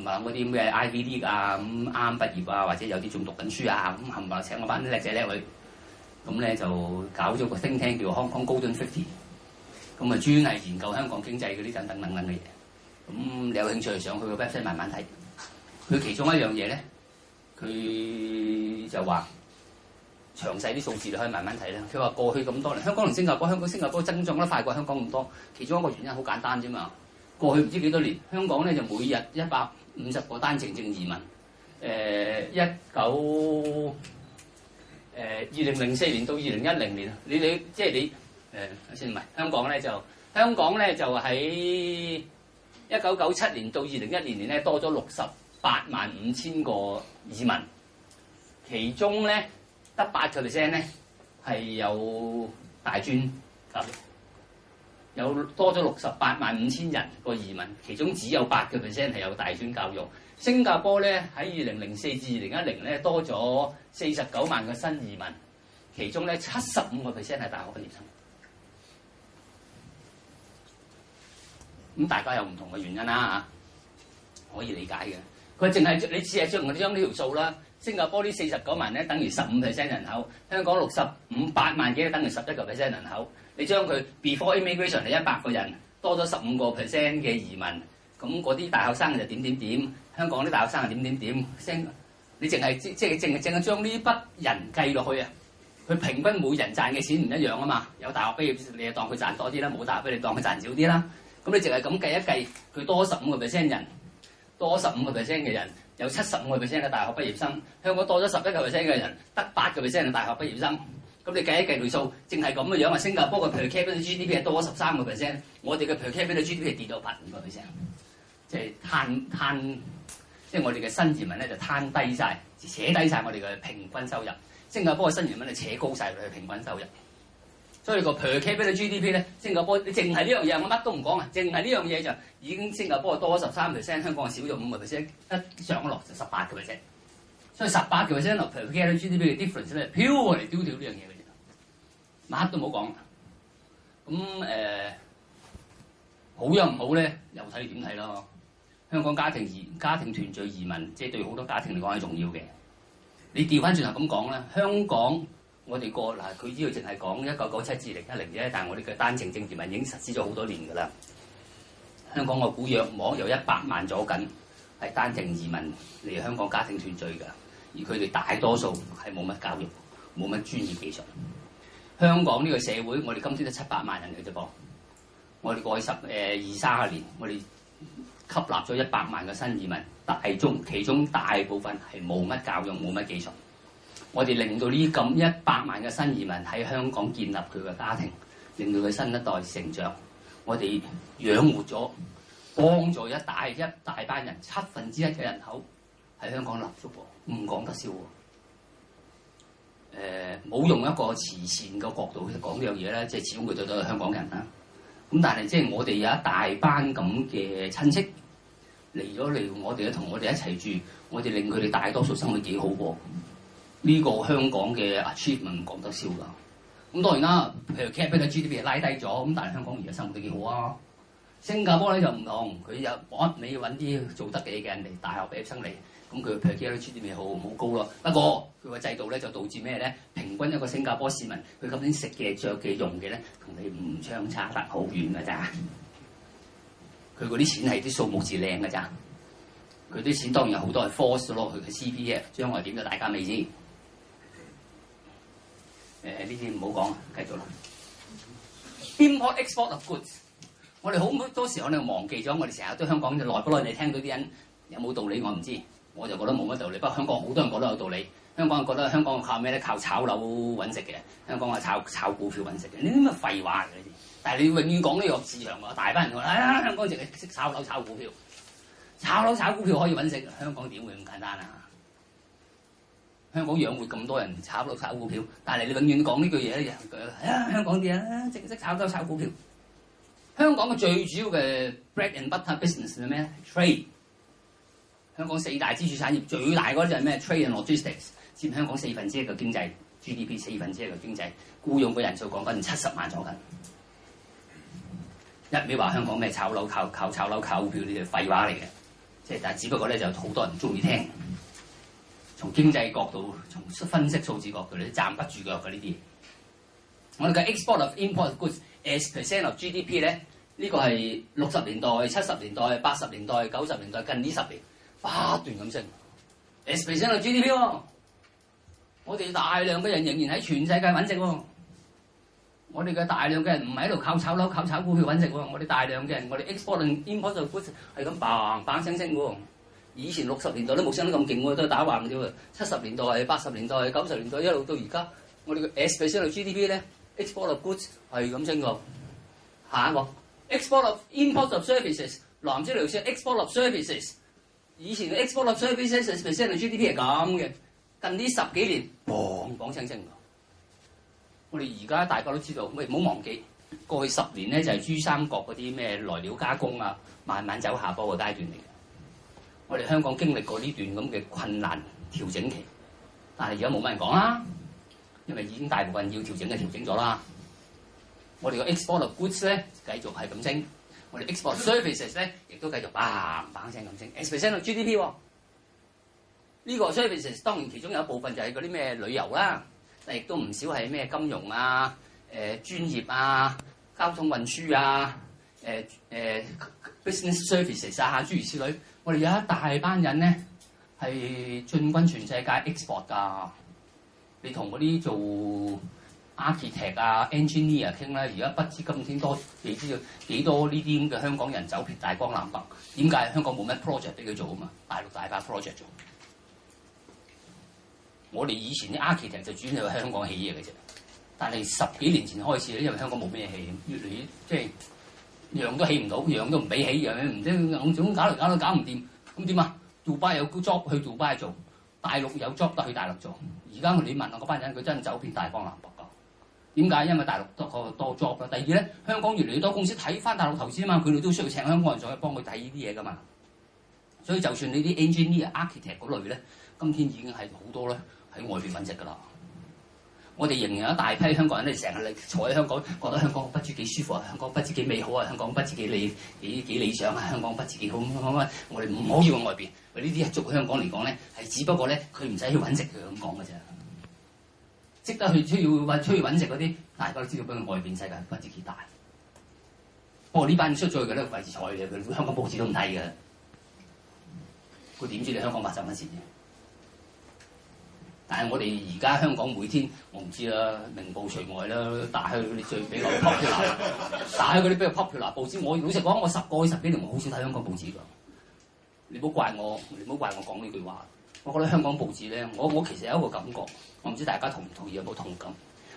係咪啲咩 I B D 啊，咁啱啱畢業啊，或者有啲仲讀緊書啊咁，係咪請我班叻仔叻女？咁咧就搞咗個 think tank 叫 Hong Kong Golden Fifty 咁啊，專係研究香港經濟嗰啲等等等等嘅嘢。咁你有興趣就上去個 website 慢慢睇。佢其中一樣嘢咧，佢就話詳細啲數字你可以慢慢睇啦。佢話過去咁多年，香港同新加坡，香港新加坡增長得快過香港咁多，其中一個原因好簡單啫嘛。過去唔知幾多年，香港咧就每日一百。五十個單程證移民，誒一九誒二零零四年到二零一零年，你你即係、就是、你誒先唔係香港咧就香港咧就喺一九九七年到二零一零年咧多咗六十八萬五千個移民，其中咧得八個 percent 咧係有大專。有多咗六十八萬五千人個移民，其中只有八個 percent 係有大專教育。新加坡咧喺二零零四至二零一零咧多咗四十九萬個新移民，其中咧七十五個 percent 係大學畢業生。咁大家有唔同嘅原因啦、啊、嚇，可以理解嘅。佢淨係你只係將我哋將呢條數啦。新加坡49呢四十九萬咧等於十五 percent 人口，香港六十五百萬幾等於十一個 percent 人口。你將佢 before immigration 係一百個人，多咗十五個 percent 嘅移民，咁嗰啲大學生就點點點，香港啲大學生就點點點。你淨係即係淨係淨係將呢筆人計落去啊，佢平均每人賺嘅錢唔一樣啊嘛。有大學畢業，你就當佢賺多啲啦；冇大學畢業，你當佢賺少啲啦。咁你淨係咁計一計，佢多十五個 percent 人，多十五個 percent 嘅人有七十五個 percent 嘅大學畢業生，香港多咗十一個 percent 嘅人得八個 percent 嘅大學畢業生。咁你計一計條數，淨係咁嘅樣啊！新加坡嘅 per capita GDP 係多咗十三個 percent，我哋嘅 per capita GDP 係跌咗八五個 percent，即係攤攤，即係、就是就是、我哋嘅新移民咧就攤低晒，扯低晒我哋嘅平均收入。新加坡嘅新移民就扯高晒佢嘅平均收入，所以個 per capita GDP 咧，新加坡你淨係呢樣嘢，我乜都唔講啊！淨係呢樣嘢就已經新加坡多咗十三個 percent，香港少咗五個 percent，一上落就十八個 percent。所以十八個 percent 落 per capita GDP 嘅 difference 咧，飄嚟丟掉呢樣嘢。乜都冇好講。咁誒、呃、好又唔好咧，又睇你點睇啦。香港家庭移家庭團聚移民，即係對好多家庭嚟講係重要嘅。你調翻轉頭咁講咧，香港我哋個嗱，佢呢度淨係講一九九七至零一零啫，但係我哋嘅單程證移民已經實施咗好多年㗎啦。香港我估約摸有一百萬左近係單程移民嚟香港家庭團聚㗎，而佢哋大多數係冇乜教育，冇乜專業技術。香港呢個社會，我哋今次得七百萬人嘅啫噃。我哋過去十誒、呃、二三十年，我哋吸納咗一百萬嘅新移民，大中其中大部分係冇乜教育，冇乜技術。我哋令到呢咁一百萬嘅新移民喺香港建立佢嘅家庭，令到佢新一代成長，我哋養活咗幫助一大一大班人，七分之一嘅人口喺香港立足喎，唔講得笑喎。誒、呃、冇用一個慈善嘅角度去講呢樣嘢咧，即係始終佢對到香港人啦。咁但係即係我哋有一大班咁嘅親戚嚟咗嚟，我哋同我哋一齊住，我哋令佢哋大多數生活幾好噃。呢、呢個香港嘅 achievement 講得笑㗎。咁當然啦，譬如 cap 俾個 GDP 拉低咗，咁但係香港而家生活都幾好啊。新加坡咧就唔同，佢有揾你搵啲做得嘅嘢嘅人嚟大學畢業生嚟。咁佢嘅平均 GDP 好唔好高咯？不過佢個制度咧就導致咩咧？平均一個新加坡市民佢今年食嘅、着嘅、用嘅咧，同你唔相差得好遠噶咋？佢嗰啲錢係啲數目字靚噶咋？佢啲錢當然有好多係 forced 落去嘅 C P A，將來點就大家未知。誒呢啲唔好講，繼續啦。Import export of goods，我哋好多時可能忘記咗，我哋成日都香港就耐不耐？你聽到啲人有冇道理？我唔知。我就覺得冇乜道理，不過香港好多人覺得有道理。香港人覺得香港靠咩咧？靠炒樓揾食嘅，香港係炒炒股票揾食嘅。你啲乜廢話嚟？但係你永遠講呢樣市場，大班人講啊，香港淨係識炒樓炒股票，炒樓炒股票可以揾食。香港點會咁簡單啊？香港養活咁多人炒樓炒股票，但係你永遠講呢句嘢一樣。啊，香港啲啊淨識炒樓炒股票。香港嘅最主要嘅 bread and butter business 係咩咧？Trade。香港四大支柱產業最大嗰隻就係咩？Trade and Logistics 佔香港四分之一嘅經濟 GDP，四分之一嘅經濟，僱用嘅人數講緊七十萬左近。一味話香港咩炒樓靠靠炒樓靠股票呢啲廢話嚟嘅，即係但係只不過咧就好多人中意聽。從經濟角度，從分析數字角度，你站不住腳嘅呢啲。我哋嘅 Export of Import of Goods as percent of GDP 咧，呢個係六十年代、七十年代、八十年代、九十年代近呢十年。不斷咁升，export 嘅 GDP，我哋大量嘅人仍然喺全世界揾食。我哋嘅大量嘅人唔係喺度靠炒樓、靠炒股去揾食。我哋大量嘅人，我哋 export import of goods 係咁唪唪聲升嘅。以前六十年代都冇升得咁勁喎，都係打橫嘅啫。七十年代係，八十年代係，九十年代一路到而家，我哋嘅 export 嘅 GDP 咧，export of goods 係咁升嘅。下一個 export of import of services，藍色條線 export of services。以前嘅 export of services percentage G D P 係咁嘅，近呢十幾年旺，講清清㗎。我哋而家大家都知道，喂唔好忘記，過去十年咧就係珠三角嗰啲咩來料加工啊，慢慢走下坡嘅階段嚟。我哋香港經歷過呢段咁嘅困難調整期，但係而家冇乜人講啦，因為已經大部分要調整嘅調整咗啦。我哋嘅 export of goods 咧繼續係咁升。我哋 export services 咧，亦都繼續嘭嘭聲咁升 as percent of GDP 喎、哦。呢、呢個 services 當然其中有一部分就係嗰啲咩旅遊啦，但亦都唔少係咩金融啊、誒、呃、專業啊、交通運輸啊、呃呃、business services 啊諸如此類。我哋有一大班人咧係進軍全世界 export 㗎。你同嗰啲做？architect 啊，engineer 傾咧，而家不知今天多你知道幾，幾多呢啲咁嘅香港人走遍大江南北。點解香港冇咩 project 俾佢做啊？嘛，大陸大把 project 做。我哋以前啲 architect 就主要喺香港起嘢嘅啫，但係十幾年前開始因為香港冇咩起，起，越嚟越即係樣都起唔到，樣都唔俾起，樣唔知總搞嚟搞去搞唔掂。咁點啊？杜巴有 job 去杜巴做，大陸有 job 得去大陸做。而家你問我班人佢真係走遍大江南北。點解？因為大陸多個多 job 啦。第二咧，香港越嚟越多公司睇翻大陸投資啊嘛，佢哋都需要請香港人再去幫佢睇呢啲嘢噶嘛。所以就算你啲 engineer、architect 嗰類咧，今天已經係好多咧喺外邊揾食噶啦、嗯。我哋仍然有一大批香港人咧，成日嚟坐喺香港，覺得香港不知幾舒服啊，香港不知幾美好啊，香港不知幾理幾幾理,理想啊，香港不知幾好、嗯嗯、我哋唔好要去外邊。呢啲係做香港嚟講咧，係只不過咧，佢唔使去揾食，佢咁講噶啫。即得去出去揾出去，去，去食嗰啲，大家都知道，嗰個外邊世界分別幾大。不過呢班出咗去嘅咧，費事睬嘅，佢香港報紙都唔睇嘅。佢點知你香港發生乜事？但係我哋而家香港每天，我唔知啦，明報除外啦。打開你最比較 popular， 打開啲比較 popular 報紙。我老實講，我十個二十幾年，我好少睇香港報紙㗎。你唔好怪我，你唔好怪我講呢句話。我覺得香港報紙咧，我我其實有一個感覺。我唔知大家同唔同意，有冇同感？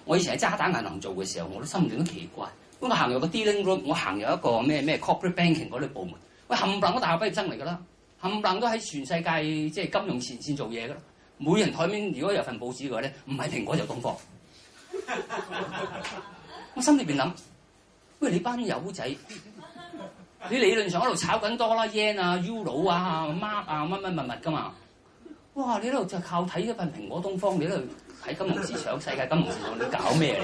我以前喺渣打銀行做嘅時候，我都心裏都奇怪。我行入個 Dealing Room，我行入一個咩咩 Corporate Banking 嗰啲部門，喂，冚唪唥都大學畢業生嚟噶啦，冚唪唥都喺全世界即係金融前線做嘢噶啦。每人台面如果有份報紙嘅話咧，唔係蘋果就東方。 我心裏邊諗，喂，你班友仔， 你理論上喺度炒緊多啦 yen 啊、Euro 啊、Mark 啊、乜乜物物㗎嘛。哇！你呢度就靠睇一份《蘋果東方》，你喺度睇金融市場、世界金融市場，你搞咩？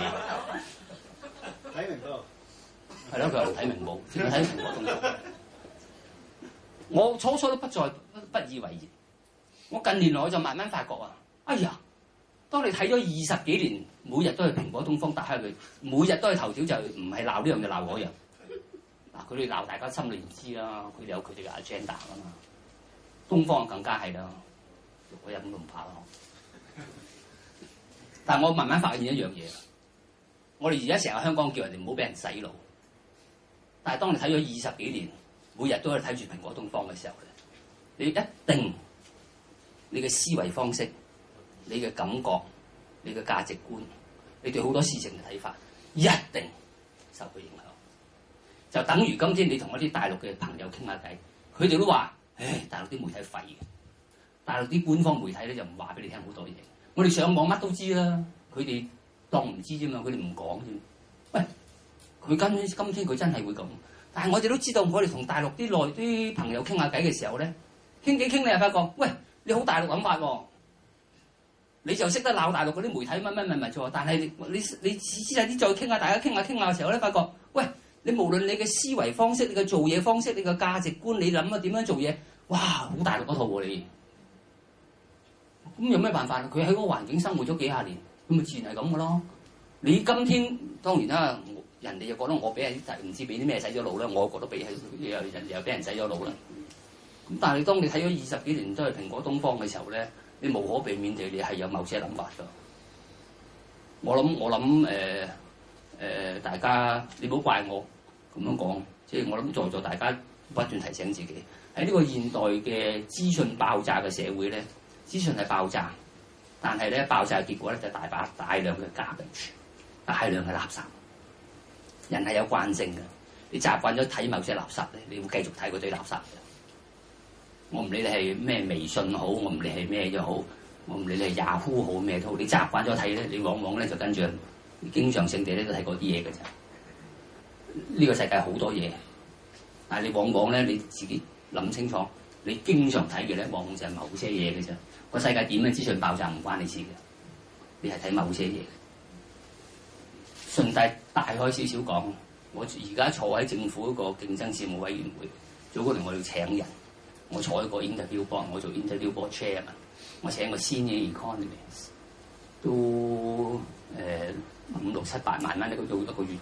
你睇明報，係咯？佢又睇明冇。先睇蘋果東方。 我初初都不在不以為然。我近年來就慢慢發覺啊，哎呀！當你睇咗二十幾年，每日都係《蘋果東方》，打開佢，每日都係頭條就唔係鬧呢樣就鬧嗰樣。嗱，佢哋鬧大家心裏唔知啦，佢哋有佢哋嘅 agenda 啊嘛。東方更加係啦。我日本都唔怕咯，但係我慢慢發現一樣嘢，我哋而家成個香港叫人哋唔好俾人洗腦，但係當你睇咗二十幾年，每日都係睇住《蘋果東方》嘅時候咧，你一定你嘅思維方式、你嘅感覺、你嘅價值觀、你對好多事情嘅睇法，一定受佢影響。就等於今天你同一啲大陸嘅朋友傾下偈，佢哋都話：唉，大陸啲媒體廢嘅。大陸啲官方媒體咧就唔話俾你聽好多嘢。我哋上網乜都知啦，佢哋當唔知啫嘛。佢哋唔講啫。喂，佢今今朝佢真係會咁，但係我哋都知道，他今他真的會這樣，但我哋同大陸啲內啲朋友傾下偈嘅時候咧，傾幾傾你又發覺喂，你好大陸諗法喎，你就識得鬧大陸嗰啲媒體乜乜乜咪錯，但係你你你私底下啲再傾下，大家傾下傾下嘅時候咧，發覺喂，你無論你嘅思維方式、你嘅做嘢方式、你嘅價值觀，你諗啊點樣做嘢，哇好大陸嗰套喎你。咁有咩辦法？佢喺嗰個環境生活咗幾廿年，咁咪自然係咁嘅咯。你今天當然啦，人哋又覺得我俾人唔知俾啲咩洗咗腦呢，我覺得俾人又俾人洗咗腦啦。咁但係當你睇咗二十幾年都係蘋果東方嘅時候咧，你無可避免地你係有某些諗法嘅。我諗我諗、呃呃、大家你唔好怪我咁樣講，即係我諗在座大家不斷提醒自己喺呢個現代嘅資訊爆炸嘅社會咧。資訊係爆炸，但係咧爆炸嘅結果咧就大把大量嘅假嘅嘢，大量嘅垃圾。人係有慣性嘅，你習慣咗睇某些垃圾咧，你會繼續睇嗰堆垃圾。我唔理你係咩微信好，我唔理係咩嘢好，我唔理你係 Yahoo 好咩都好，你習慣咗睇咧，你往往咧就跟住經常性地咧都睇嗰啲嘢嘅啫。呢個世界好多嘢，但係你往往咧你自己諗清楚，你經常睇嘅咧往往就係某些嘢嘅啫。個世界點樣資訊爆炸唔關你事嘅，你係睇某些嘢。順帶大開少少講，我而家坐喺政府嗰個競爭事務委員會，早嗰年我要請人，我坐喺個 interview board，我做 interview board chair，我請個 senior economist 都誒五六七八萬蚊，都到一個月㗎，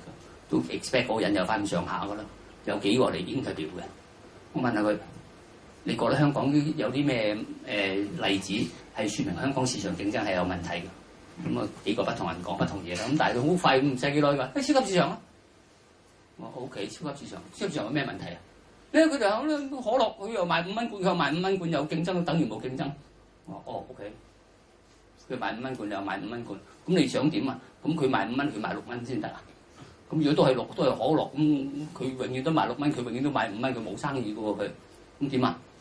都 expect 嗰個人又翻咁上下㗎啦。有幾個嚟 interview 嘅，我問下佢。你覺得香港有啲咩、呃、例子係說明香港市場競爭係有問題㗎？咁、嗯、啊幾個不同人講不同嘢啦。咁但係佢好快唔使幾耐㗎？喺超級市場啊！我 OK，超級市場，超級市場有咩問題啊？咧佢就咧可樂佢又賣五蚊罐，佢又賣五蚊罐，有競爭等於冇競爭。我哦哦，OK。佢賣五蚊罐你又賣五蚊罐，咁你想點啊？咁佢賣五蚊佢賣六蚊先得啊？咁如果都係六都係可樂，咁佢永遠都賣六蚊，佢永遠都賣五蚊，佢冇生意過佢。咁點啊？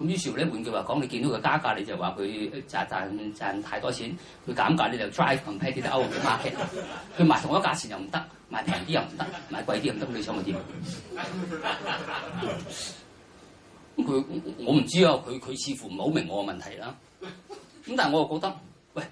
咁於是乎咧，換句話講，你見到佢加價，你就話佢賺賺賺，賺太多錢；佢減價，你就 drive competitive out the market。佢賣同一價錢又唔得，賣平啲又唔得，賣貴啲又唔得，你想我點？咁 佢我唔知啊，佢佢似乎唔好明我嘅問題啦。咁但係我又覺得，喂，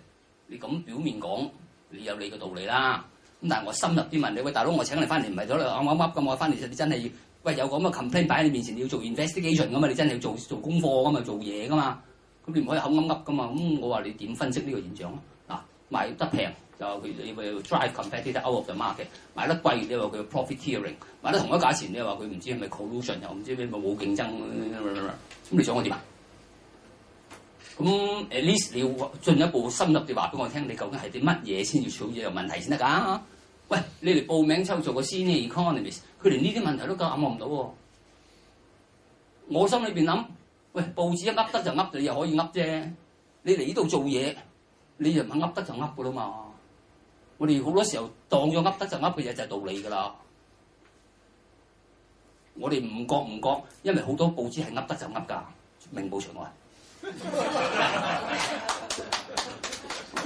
你咁表面講，你有你嘅道理啦。咁但係我深入啲問你，喂大佬，我請你翻嚟唔係咗嚟啱啱噏嘅，我翻嚟你真係要。有個咁嘅 complaint 擺喺你面前，你要做 investigation 咁嘛，你真係要做做功課咁嘛，做嘢噶嘛？咁你唔可以口噏噏噶嘛？咁、嗯、我話你點分析呢個現象啊？嗱，賣得平就佢你話 drive competitor out of the market，賣得貴你話佢 profiteering，賣得同一價錢你話佢唔知係咪 collusion 又唔知咩冇競爭咁、啊啊啊啊、你想我點啊？咁 at least 你要進一步深入地話俾我聽，你究竟係啲乜嘢先要嘢有問題先得㗎？喂，你嚟報名抽做個 senior economist，佢連呢啲問題都夾硬唔到喎。我心裏面諗，喂，報紙一噏得就噏，你又可以噏啫。你嚟呢度做嘢，你又唔係噏得就噏噶啦嘛。我哋好多時候當咗噏得就噏嘅嘢就係、是、道理㗎啦。我哋唔覺唔覺，因為好多報紙係噏得就噏噶，明報除外。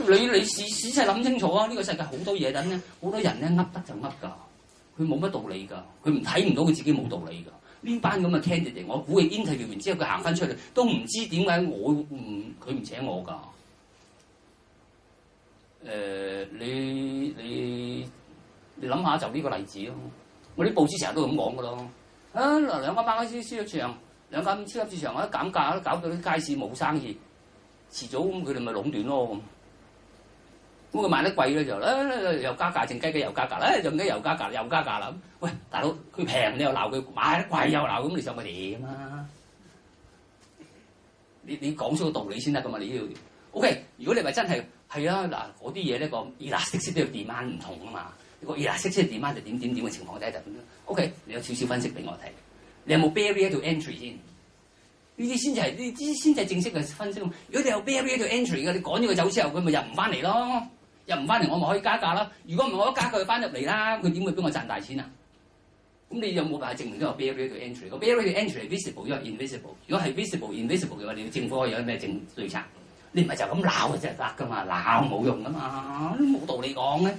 你你試試真係諗清楚啊！呢、這個世界好多嘢等咧，好多人咧噏得就噏噶，佢冇乜道理噶，佢唔睇唔到佢自己冇道理噶。呢班咁嘅 candidate，我估佢 interview 完之後，佢行翻出嚟都唔知點解我唔佢唔請我噶。誒、呃，你你你諗下就呢個例子咯。我啲報紙成日都咁講噶咯。啊，嗱，兩間百佳超超級市場，兩間超級市場，我一減價都搞到啲街市冇生意，遲早咁佢哋咪壟斷咯。咁佢賣得貴咧就，誒又加價，正雞雞又加價，就唔加又加價，又加價啦。喂，大佬佢平你又鬧佢，賣得貴又鬧，咁你想佢點啊？你你講出個道理先得噶嘛？你要，OK？如果你話真係係啊嗱，嗰啲嘢咧講，咦嗱，識唔識啲嘅點啊唔同啊嘛？你講咦嗱，識唔識點啊就點點點嘅情況就咁啦。OK？你有少少分析俾我睇，你有冇 barrier to entry 先？呢啲先至係呢啲先至係正式嘅分析。如果你有 barrier to entry 嘅，你趕咗佢走之後，佢咪入唔翻嚟咯？又唔翻嚟，我咪可以加價啦！如果唔係我一加佢就翻入嚟啦，佢點會俾我賺大錢啊？咁你有冇辦法證明呢個 barrier to entry，呢個 barrier to entry visible or invisible？如果係 visible invisible 嘅話，你政府可以有咩政對策？你唔係就咁鬧就得噶嘛？鬧冇用噶嘛，都冇道理講咧。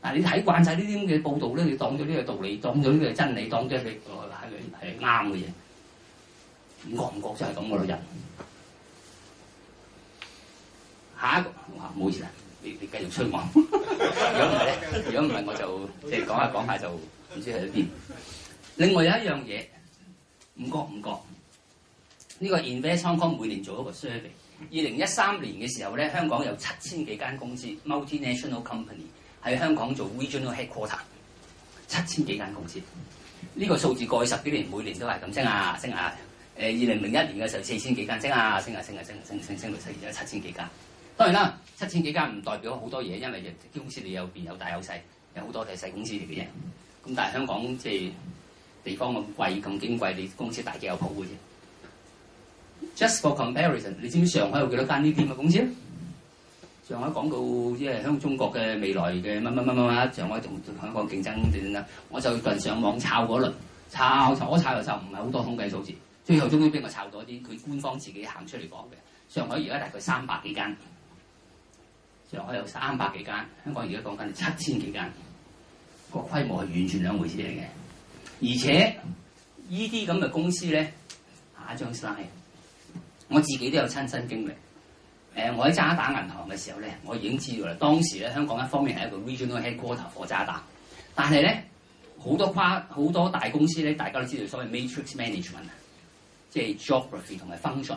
但你睇慣晒呢啲咁嘅報道咧，你當咗呢個道理，當咗呢個真理，當咗你係係啱嘅嘢，覺唔覺得係咁嘅人？下一個，唔好意思。你你繼續出望，如果唔係咧，如果唔係我就即係講下講下就唔知喺邊。另外有一樣嘢，唔講唔講。呢個、這個、InvestHK 每年做一個 survey，二零一三年嘅時候咧，香港有七千幾間公司 （multi-national company） 喺香港做 regional headquarter，七千幾間公司。呢、這個數字過去十幾年每年都係咁升啊升啊！誒，二零零一年嘅時候四千幾間，升啊升啊升啊升下升升升到七而家七千幾間。當然啦，七千幾間唔代表好多嘢，因為啲公司你有變有大有細，有好多都係細公司嚟嘅啫。咁但係香港即係地方咁貴咁矜貴，你公司大幾有保護啫。Just for comparison，你知唔知上海有幾多間呢啲嘅公司？上海講到即係香中國嘅未來嘅乜乜乜乜乜，上海同香港競爭點點點，我就近上網抄嗰輪抄，我抄又抄唔係好多統計數字。最後終於俾我抄咗啲，佢官方自己行出嚟講嘅。上海而家大概三百幾間。有三百幾間，香港而家講緊七千幾間，個規模係完全兩回事嚟嘅。而且依啲咁嘅公司咧，下一張 slide，我自己都有親身經歷。誒，我喺渣打銀行嘅時候咧，我已經知道啦。當時咧，香港一方面係一個 regional headquarters for 渣打，但係咧好多跨好多大公司咧，大家都知道所謂 matrix management，即係 geography 同埋 function。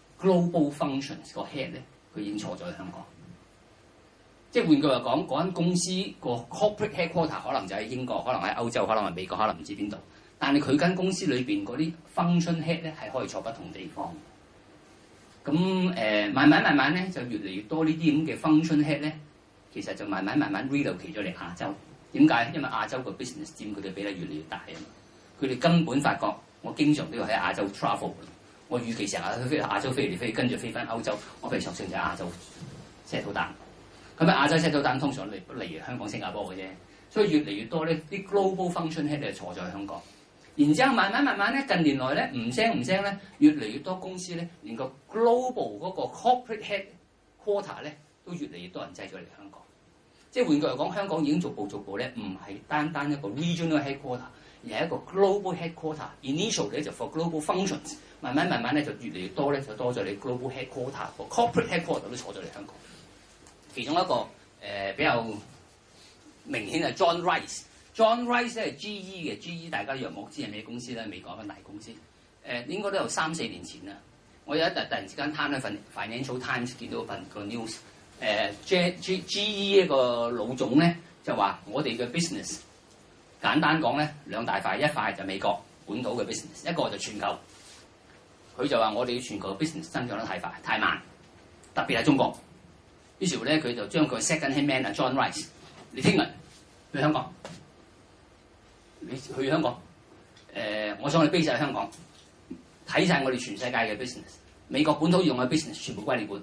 Global functions 個 head 咧，佢已經坐咗喺香港。即係換句話講，嗰間公司個 corporate headquarters 可能就喺英國，可能喺歐洲，可能係美國，可能唔知邊度。但係佢間公司裏面嗰啲 function head 咧，係可以坐不同地方。咁誒、呃，慢慢慢慢咧，就越嚟越多這些呢啲咁嘅 function head 咧，其實就慢慢慢慢 relocate 咗嚟亞洲。點解？因為亞洲個 business 佔佢哋比例越嚟越大啊嘛。佢哋根本發覺，我經常都要喺亞洲 travel 我預期成日去飛亞洲飛嚟飛去，跟住飛返歐洲。我非常相信亞洲即係到達。咁啊亞洲即係到達，通常嚟例如香港、新加坡嘅啫。所以越嚟越多咧，啲 global function head 坐在香港。然之後慢慢慢慢咧，近年來咧唔聲唔聲咧，越嚟越多公司咧，連個 global 嗰個 corporate head quarter 咧，都越嚟越多人擠咗嚟香港。即係換句嚟講，香港已經逐步逐步咧，唔係單單一個 regional head quarter，而係一個 global head quarter。Initial 咧就 for global functions。慢慢慢慢咧，就越嚟越多咧，就多咗你 global headquarter 個 corporate headquarter 都坐咗嚟香港。其中一個、呃、比較明顯係 John Rice。John Rice 咧係 G E 嘅 G E，大家都唔知係咩公司咧？美國一間大公司誒、呃，應該都有三四年前啦。我有一突突然之間攤一份 Financial Times 見到份個 news、呃、G G E 一個老總咧就話：我哋嘅 business 簡單講咧，兩大塊，一塊就美國本土嘅 business，一個就全球。佢就話：我哋全球 business 增長得太快、太慢，特別係中國。於是咧，佢就將佢 second hand man John Rice，你聽日去香港，你去香港，呃、我想去 base 喺香港，睇晒我哋全世界嘅 business。美國本土用嘅 business 全部歸你管。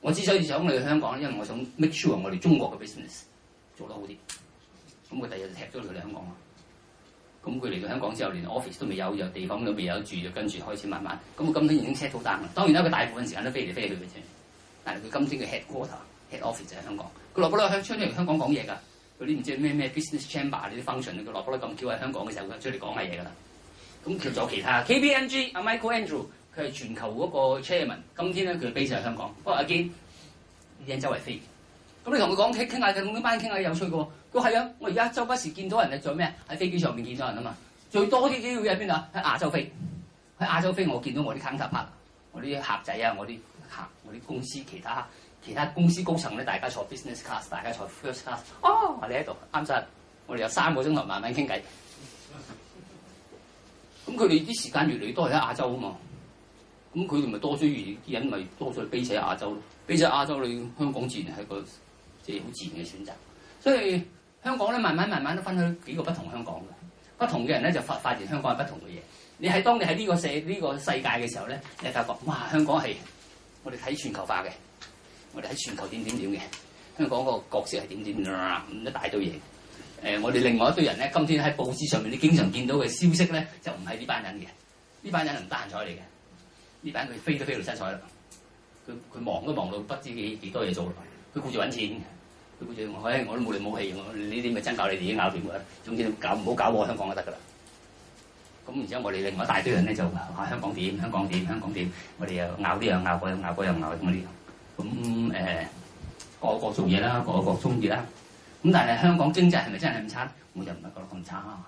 我之所以想你去香港，因為我想 make sure 我哋中國嘅 business 做得好啲。咁佢第日就踢咗佢嚟香港。咁佢嚟到香港之後，連 office 都未有，有地方都未有住，就跟住開始慢慢。咁佢今天已經 set 到單啦。當然啦，佢大部分時間都飛嚟飛去嘅啫。但係佢今天嘅 headquarter、head office 就喺香港。佢落班咧，香出嚟香港講嘢㗎。佢啲唔知咩咩 business chamber 呢啲 function，佢落班咧，咁叫喺香港嘅時候，佢出嚟講下嘢㗎啦。咁佢仲有其他 KPMG 阿 Michael Andrew，佢係全球嗰個 chairman。今天咧，佢 base 喺香港。不過阿堅呢啲喺周圍飛。咁你同佢講傾傾下，同咁班傾下有趣嘅喎。佢話係啊，我而家周不時見到人啊，做咩喺飛機上面見到人啊嘛。最多啲機會喺邊啊？喺亞洲飛，喺亞洲飛，我見到我啲卡塔帕，我啲客仔啊，我啲客，我啲公司其他其他公司高層咧，大家坐 business class，大家坐 first class，啊。哦，你喺度啱晒。我哋有三個鐘頭慢慢傾偈。咁佢哋啲時間越嚟越多喺亞洲啊嘛。咁佢哋咪多咗越啲人咪多咗去飛喺亞洲咯。飛喺亞洲，你香港自然係個。即係好自然嘅選擇，所以香港咧慢慢慢慢都分開幾個不同的香港嘅，不同嘅人咧就發發現香港係不同嘅嘢。你喺當你喺呢個社呢、呢個世界嘅時候咧，你係發覺哇，香港係我哋睇全球化嘅，我哋睇全球點點點嘅，香港個角色係點點啦啦咁一大堆嘢。誒、呃，我哋另外一堆人咧，今天喺報紙上面你經常見到嘅消息咧，就唔係呢班人嘅，呢班人唔得閒彩嚟嘅，呢班佢飛都飛到七彩啦，佢佢忙都忙到不知幾多嘢做啦，佢顧住揾錢。好似我我都冇力冇氣，我呢啲咪真教你自己咬掂嘅，總之搞唔好搞我香港就得㗎啦。咁然之後我哋另外一大堆人咧就話香港點，香港點，香港點，我哋又咬啲又咬過又咬過又咬咁樣。咁誒，各個各做各個各做嘢啦，各個各中意啦。咁但係香港經濟係咪真係咁差？我就唔係覺得咁差。